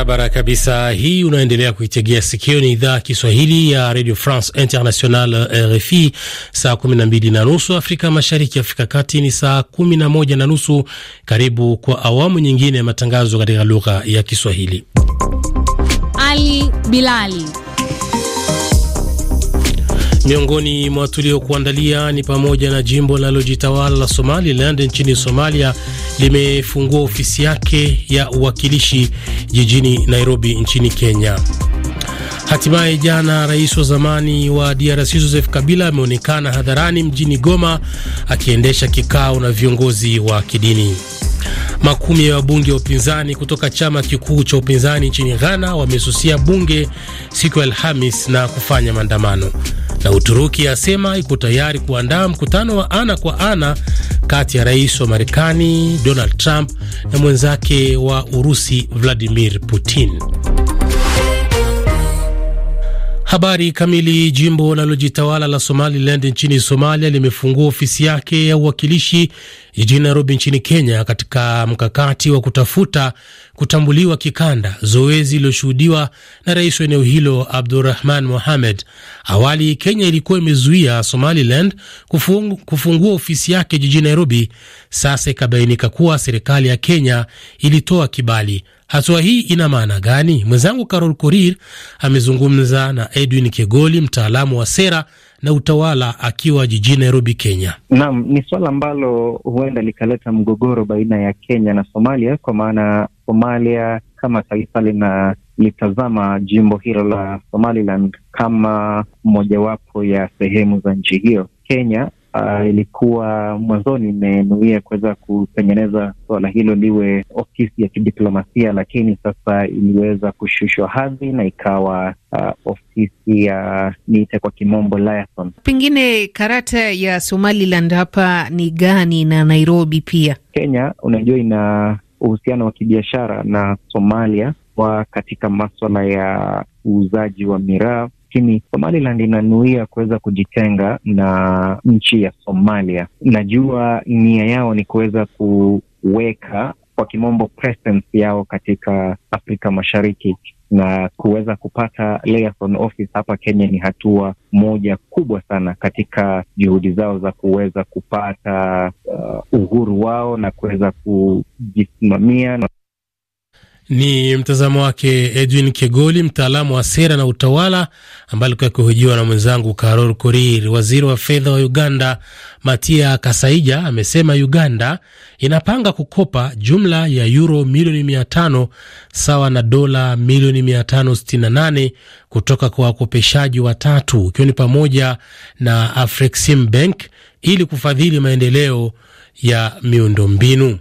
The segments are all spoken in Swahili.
Barabara kabisa, hii unaendelea kuitegea sikio, ni idhaa Kiswahili ya Radio France International, RFI. Saa 12 na nusu Afrika Mashariki, Afrika Kati ni saa 11 na nusu. Karibu kwa awamu nyingine ya matangazo katika lugha ya Kiswahili. Ali Bilali Miongoni mwa tuliokuandalia ni pamoja na jimbo linalojitawala la Somaliland nchini Somalia limefungua ofisi yake ya uwakilishi jijini Nairobi nchini Kenya. Hatimaye jana rais wa zamani wa DRC Joseph Kabila ameonekana hadharani mjini Goma akiendesha kikao na viongozi wa kidini. Makumi ya wabunge wa upinzani kutoka chama kikuu cha upinzani nchini Ghana wamesusia bunge siku ya Alhamis na kufanya maandamano na Uturuki asema iko tayari kuandaa mkutano wa ana kwa ana kati ya rais wa Marekani Donald Trump na mwenzake wa Urusi Vladimir Putin. Habari kamili. Jimbo linalojitawala la Somaliland nchini Somalia limefungua ofisi yake ya uwakilishi jijini Nairobi nchini Kenya, katika mkakati wa kutafuta kutambuliwa kikanda, zoezi lililoshuhudiwa na rais wa eneo hilo Abdurahman Mohamed. Awali Kenya ilikuwa imezuia Somaliland kufungu, kufungua ofisi yake jijini Nairobi. Sasa ikabainika kuwa serikali ya Kenya ilitoa kibali. Hatua hii ina maana gani? Mwenzangu Carol Korir amezungumza na Edwin Kegoli, mtaalamu wa sera na utawala akiwa jijini Nairobi, Kenya. Naam, ni suala ambalo huenda likaleta mgogoro baina ya Kenya na Somalia, kwa maana Somalia kama taifa lina litazama jimbo hilo la Somaliland kama mojawapo ya sehemu za nchi hiyo. Kenya Uh, ilikuwa mwanzoni imenuia kuweza kutengeneza suala hilo liwe ofisi ya kidiplomasia, lakini sasa iliweza kushushwa hadhi na ikawa uh, ofisi ya niite kwa kimombo liaison. Pengine karata ya Somaliland hapa ni gani na Nairobi pia? Kenya unajua ina uhusiano wa kibiashara na Somalia wa katika maswala ya uuzaji wa miraa lakini Somaliland inanuia kuweza kujitenga na nchi ya Somalia. Najua nia yao ni kuweza kuweka kwa kimombo presence yao katika Afrika Mashariki na kuweza kupata liaison office hapa Kenya ni hatua moja kubwa sana katika juhudi zao za kuweza kupata uh, uhuru wao na kuweza kujisimamia na ni mtazamo wake Edwin Kegoli, mtaalamu wa sera na utawala, ambaye alikuwa akihojiwa na mwenzangu Karol Korir. Waziri wa fedha wa Uganda Matia Kasaija amesema Uganda inapanga kukopa jumla ya yuro milioni 5 sawa na dola milioni 568 kutoka kwa wakopeshaji watatu ikiwa ni pamoja na Afrexim Bank ili kufadhili maendeleo ya miundombinu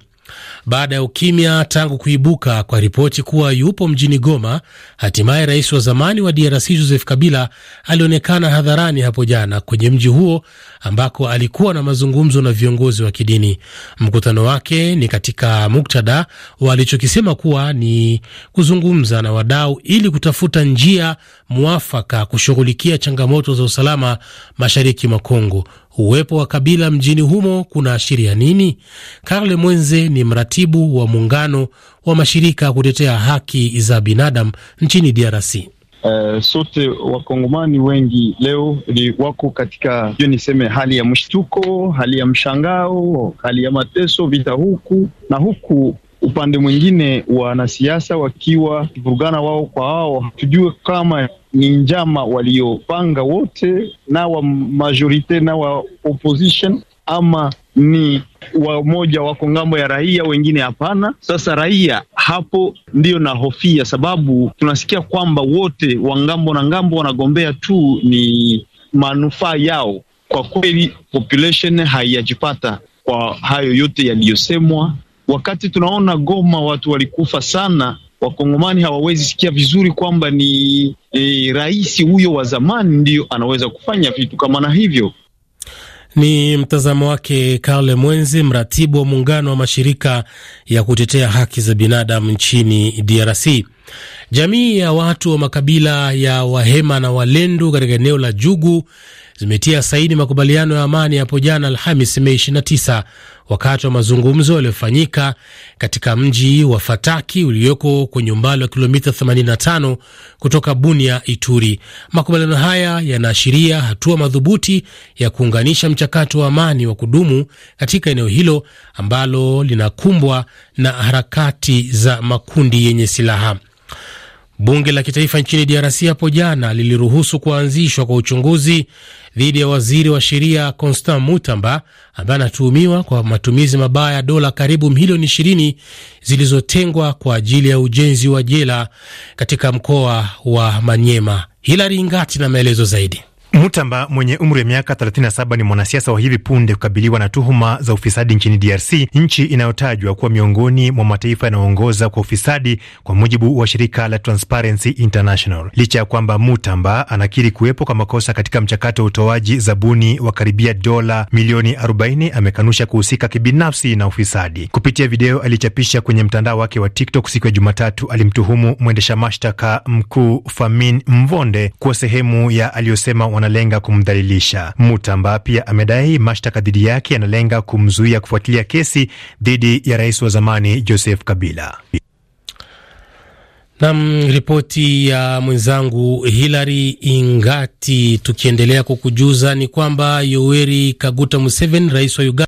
baada ya ukimya tangu kuibuka kwa ripoti kuwa yupo mjini Goma. Hatimaye rais wa zamani wa DRC Joseph Kabila alionekana hadharani hapo jana kwenye mji huo ambako alikuwa na mazungumzo na viongozi wa kidini. Mkutano wake ni katika muktadha wa alichokisema kuwa ni kuzungumza na wadau ili kutafuta njia mwafaka kushughulikia changamoto za usalama mashariki mwa Kongo. Uwepo wa Kabila mjini humo kunaashiria nini? Karle Mwenze ni mrati mratibu wa muungano wa mashirika ya kutetea haki za binadamu nchini DRC. Uh, eh, sote wakongomani wengi leo ni wako katika hiyo, niseme hali ya mshtuko, hali ya mshangao, hali ya mateso, vita huku na huku upande mwingine wanasiasa wakiwa vurugana wao kwa wao, hatujue kama ni njama waliopanga wote na wa majorite na wa opposition ama ni wamoja wako ngambo ya raia, wengine hapana. Sasa raia hapo ndiyo nahofia, sababu tunasikia kwamba wote wa ngambo na ngambo wanagombea tu ni manufaa yao. Kwa kweli population haiyajipata kwa hayo yote yaliyosemwa. Wakati tunaona Goma watu walikufa sana, wakongomani hawawezi sikia vizuri kwamba ni e, rais huyo wa zamani ndio anaweza kufanya vitu kama na hivyo. Ni mtazamo wake Karle Mwenzi, mratibu wa muungano wa mashirika ya kutetea haki za binadamu nchini DRC. Jamii ya watu wa makabila ya Wahema na Walendu katika eneo la Jugu zimetia saini makubaliano ya amani hapo jana Alhamis, Mei 29 wakati wa mazungumzo yaliyofanyika katika mji wa Fataki ulioko kwenye umbali wa kilomita 85 kutoka Bunia, Ituri. Makubaliano haya yanaashiria hatua madhubuti ya kuunganisha mchakato wa amani wa kudumu katika eneo hilo ambalo linakumbwa na harakati za makundi yenye silaha. Bunge la kitaifa nchini DRC hapo jana liliruhusu kuanzishwa kwa uchunguzi dhidi ya waziri wa sheria Constant Mutamba ambaye anatuhumiwa kwa matumizi mabaya ya dola karibu milioni 20 zilizotengwa kwa ajili ya ujenzi wa jela katika mkoa wa Manyema. Hilari Ngati na maelezo zaidi. Mutamba mwenye umri wa miaka 37 ni mwanasiasa wa hivi punde kukabiliwa na tuhuma za ufisadi nchini DRC, nchi inayotajwa kuwa miongoni mwa mataifa yanayoongoza kwa ufisadi kwa mujibu wa shirika la Transparency International. Licha ya kwamba Mutamba anakiri kuwepo kwa makosa katika mchakato wa utoaji zabuni wa karibia dola milioni 40, amekanusha kuhusika kibinafsi na ufisadi. Kupitia video alichapisha kwenye mtandao wake wa TikTok siku ya Jumatatu, alimtuhumu mwendesha mashtaka mkuu Famin Mvonde kuwa sehemu ya aliyosema wanalenga kumdhalilisha. Mutamba pia amedai mashtaka dhidi yake yanalenga kumzuia kufuatilia kesi dhidi ya rais wa zamani Joseph Kabila. Nam, ripoti ya mwenzangu Hilary Ingati. Tukiendelea kukujuza ni kwamba Yoweri Kaguta Museveni, rais wa Uganda,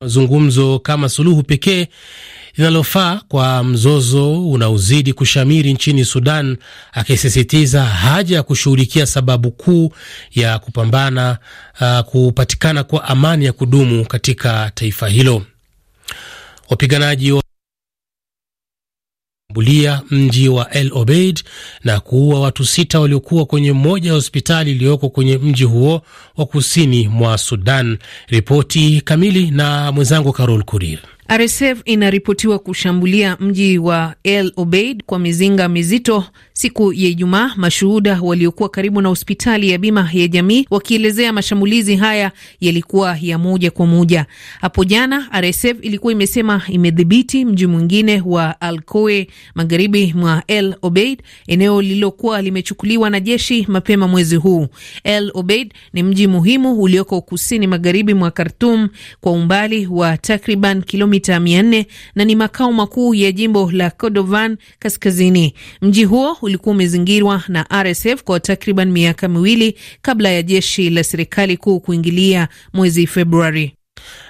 mazungumzo kama suluhu pekee linalofaa kwa mzozo unaozidi kushamiri nchini Sudan, akisisitiza haja ya kushughulikia sababu kuu ya kupambana uh, kupatikana kwa amani ya kudumu katika taifa hilo. Wapiganaji wa mji wa El Obeid na kuua watu sita waliokuwa kwenye moja ya hospitali iliyoko kwenye mji huo wa kusini mwa Sudan. Ripoti kamili na mwenzangu Carol Kurir. RSF inaripotiwa kushambulia mji wa El Obeid kwa mizinga mizito siku ya Ijumaa, mashuhuda waliokuwa karibu na hospitali ya bima ya jamii wakielezea mashambulizi haya yalikuwa ya moja kwa moja. Hapo jana RSF ilikuwa imesema imedhibiti mji mwingine wa Alkoe magharibi mwa El Obeid, eneo lililokuwa limechukuliwa na jeshi mapema mwezi huu. El Obeid ni mji muhimu ulioko kusini magharibi mwa Khartoum kwa umbali wa takriban kilomita kilomita 400 na ni makao makuu ya jimbo la Kordovan Kaskazini. Mji huo ulikuwa umezingirwa na RSF kwa takriban miaka miwili kabla ya jeshi la serikali kuu kuingilia mwezi Februari.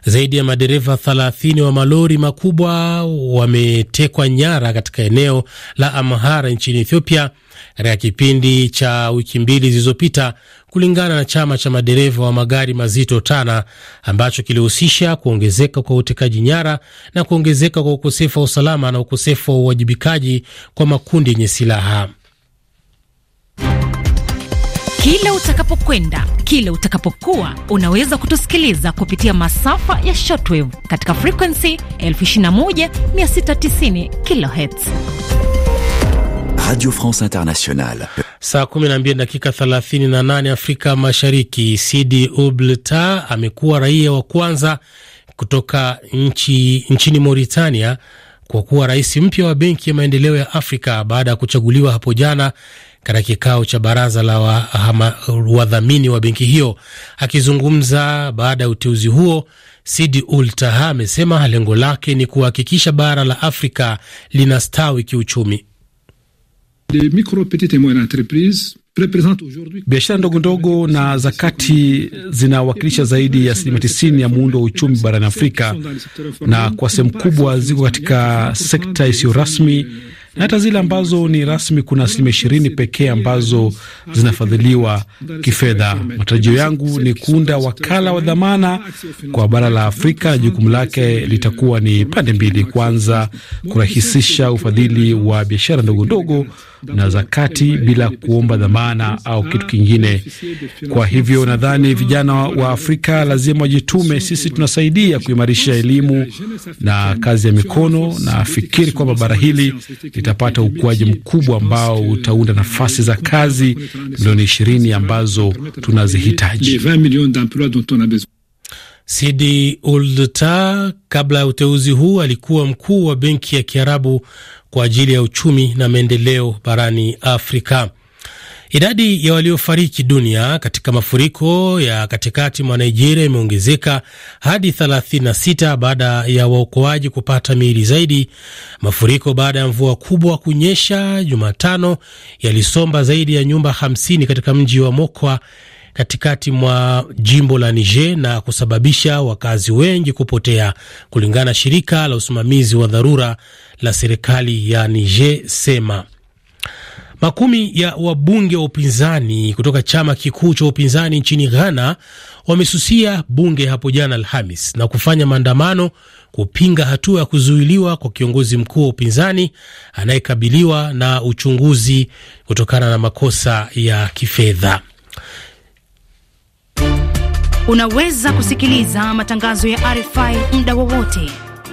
Zaidi ya madereva 30 wa malori makubwa wametekwa nyara katika eneo la Amhara nchini Ethiopia katika kipindi cha wiki mbili zilizopita, kulingana na chama cha madereva wa magari mazito TANA ambacho kilihusisha kuongezeka kwa utekaji nyara na kuongezeka kwa ukosefu wa usalama na ukosefu wa uwajibikaji kwa makundi yenye silaha. Kila utakapokwenda, kila utakapokuwa, unaweza kutusikiliza kupitia masafa ya shortwave katika frequency 21690 kilohertz. Radio France Saa mbili dakika 38 Afrika Mashariki. Sidi ublta amekuwa raia wa kwanza kutoka nchi, nchini Mauritania kwa kuwa rais mpya wa Benki ya Maendeleo ya Afrika baada ya kuchaguliwa hapo jana katika kikao cha baraza la wadhamini wa, wa benki hiyo. Akizungumza baada ya uteuzi huo, Sidi Ultaha amesema lengo lake ni kuhakikisha bara la Afrika linastawi kiuchumi. Biashara ndogo ndogo na za kati zinawakilisha zaidi ya asilimia tisini ya muundo wa uchumi barani Afrika, na kwa sehemu kubwa ziko katika sekta isiyo rasmi na hata zile ambazo ni rasmi kuna asilimia ishirini pekee ambazo zinafadhiliwa kifedha. Matarajio yangu ni kuunda wakala wa dhamana kwa bara la Afrika na jukumu lake litakuwa ni pande mbili: kwanza, kurahisisha ufadhili wa biashara ndogo ndogo na kati bila kuomba dhamana au kitu kingine. Kwa hivyo nadhani vijana wa Afrika lazima wajitume. Sisi tunasaidia kuimarisha elimu na kazi ya mikono, na fikiri kwamba bara hili itapata ukuaji mkubwa ambao utaunda nafasi za kazi milioni ishirini ambazo tunazihitaji. Sidi Ulta, kabla ya uteuzi huu alikuwa mkuu wa benki ya Kiarabu kwa ajili ya uchumi na maendeleo barani Afrika. Idadi ya waliofariki dunia katika mafuriko ya katikati mwa Nigeria imeongezeka hadi 36 baada ya waokoaji kupata miili zaidi. Mafuriko baada ya mvua kubwa kunyesha Jumatano yalisomba zaidi ya nyumba 50 katika mji wa Mokwa katikati mwa jimbo la Niger na kusababisha wakazi wengi kupotea, kulingana na shirika la usimamizi wa dharura la serikali ya Niger SEMA. Makumi ya wabunge wa upinzani kutoka chama kikuu cha upinzani nchini Ghana wamesusia bunge hapo jana Alhamis na kufanya maandamano kupinga hatua ya kuzuiliwa kwa kiongozi mkuu wa upinzani anayekabiliwa na uchunguzi kutokana na makosa ya kifedha. Unaweza kusikiliza matangazo ya RFI muda wowote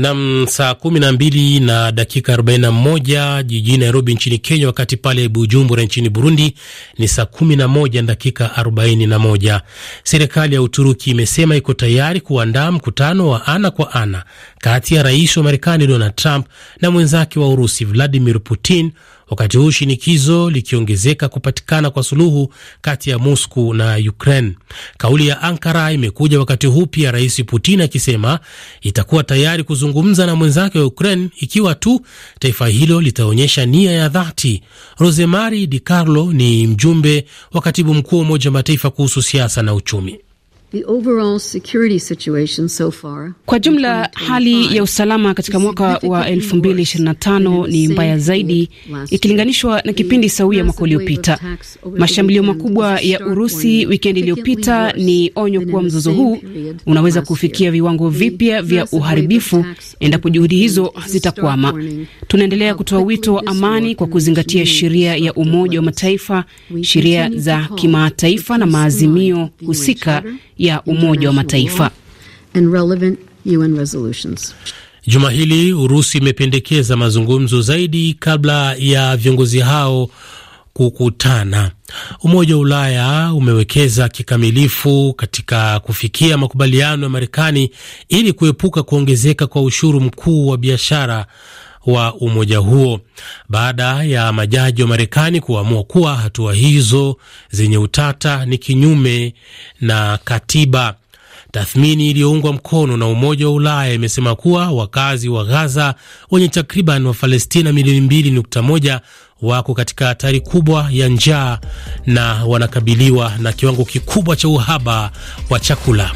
Nam, saa kumi na mbili na dakika arobaini na moja jijini Nairobi nchini Kenya, wakati pale Bujumbura nchini Burundi ni saa kumi na moja na dakika arobaini na moja. Serikali ya Uturuki imesema iko tayari kuandaa mkutano wa ana kwa ana kati ya rais wa Marekani Donald Trump na mwenzake wa Urusi Vladimir Putin wakati huu shinikizo likiongezeka kupatikana kwa suluhu kati ya Moscow na Ukraine. Kauli ya Ankara imekuja wakati huu pia Rais Putin akisema itakuwa tayari kuzungumza na mwenzake wa Ukraine ikiwa tu taifa hilo litaonyesha nia ya dhati. Rosemary Di Carlo ni mjumbe wa katibu mkuu wa Umoja wa Mataifa kuhusu siasa na uchumi. So far, kwa jumla hali ya usalama katika mwaka wa 2025 ni mbaya zaidi ikilinganishwa na kipindi sawia mwaka uliopita. Mashambulio makubwa ya Urusi wikendi iliyopita ni onyo kuwa mzozo huu unaweza kufikia viwango vipya vya uharibifu endapo juhudi hizo zitakwama. Tunaendelea kutoa wito wa amani kwa kuzingatia sheria ya Umoja wa Mataifa, sheria za kimataifa na maazimio husika ya Umoja wa Mataifa. Juma hili Urusi imependekeza mazungumzo zaidi kabla ya viongozi hao kukutana. Umoja wa Ulaya umewekeza kikamilifu katika kufikia makubaliano ya Marekani ili kuepuka kuongezeka kwa ushuru mkuu wa biashara wa umoja huo baada ya majaji wa Marekani kuamua kuwa hatua hizo zenye utata ni kinyume na katiba. Tathmini iliyoungwa mkono na Umoja wa Ulaya imesema kuwa wakazi wa Gaza wenye takriban Wafalestina milioni mbili nukta moja wako katika hatari kubwa ya njaa na wanakabiliwa na kiwango kikubwa cha uhaba wa chakula.